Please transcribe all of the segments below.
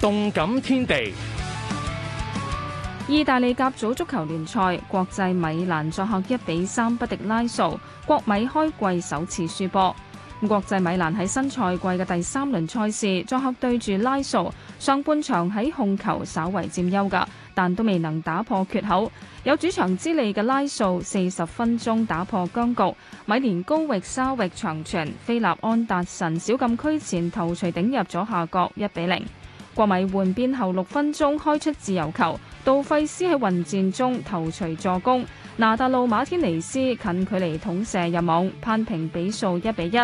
動感天地。意大利甲組足球聯賽，國際米蘭作客一比三不敵拉素，國米開季首次輸波。國際米蘭喺新賽季嘅第三輪賽事作客對住拉素，上半場喺控球稍為佔優㗎，但都未能打破缺口。有主場之利嘅拉素，四十分鐘打破僵局，米連高域沙域長傳，菲臘安達臣小禁區前頭槌頂入咗下角，一比零。國米換邊後六分鐘開出自由球，杜費斯喺混戰中頭鎚助攻，拿達路馬天尼斯近距離捅射入網，扳平比數一比一。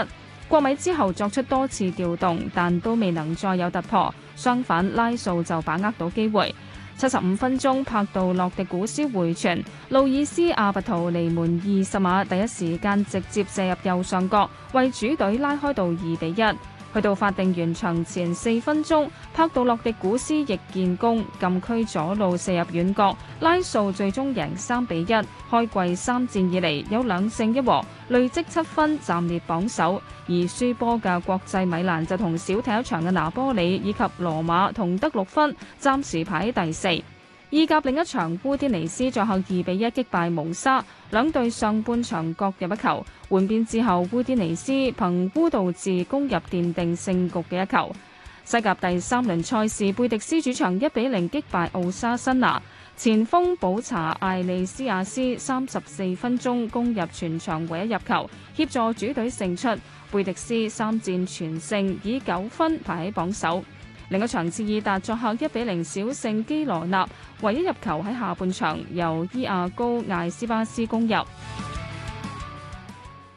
國米之後作出多次調動，但都未能再有突破，相反拉素就把握到機會。七十五分鐘，柏度洛迪古斯回傳，路爾斯阿拔圖離門二十碼，第一時間直接射入右上角，為主隊拉開到二比一。去到法定完場前四分鐘，柏度洛迪古斯亦建功，禁區左路射入遠角，拉素最終贏三比一。開季三戰以嚟有兩勝一和，累積七分，暫列榜首。而輸波嘅國際米蘭就同少踢一場嘅拿波里以及羅馬同得六分，暫時排喺第四。意甲另一場烏迪尼斯最後二比一擊敗蒙沙，兩隊上半場各入一球，換邊之後烏迪尼斯憑烏道治攻入奠定勝局嘅一球。西甲第三輪賽事貝迪斯主場一比零擊敗奧沙辛拿，前鋒保查艾利斯亞斯三十四分鐘攻入全場唯一入球，協助主隊勝出。貝迪斯三戰全勝，以九分排喺榜首。另一場次，切爾達作客一比零小勝基羅納，唯一入球喺下半場，由伊亞高艾斯巴斯攻入。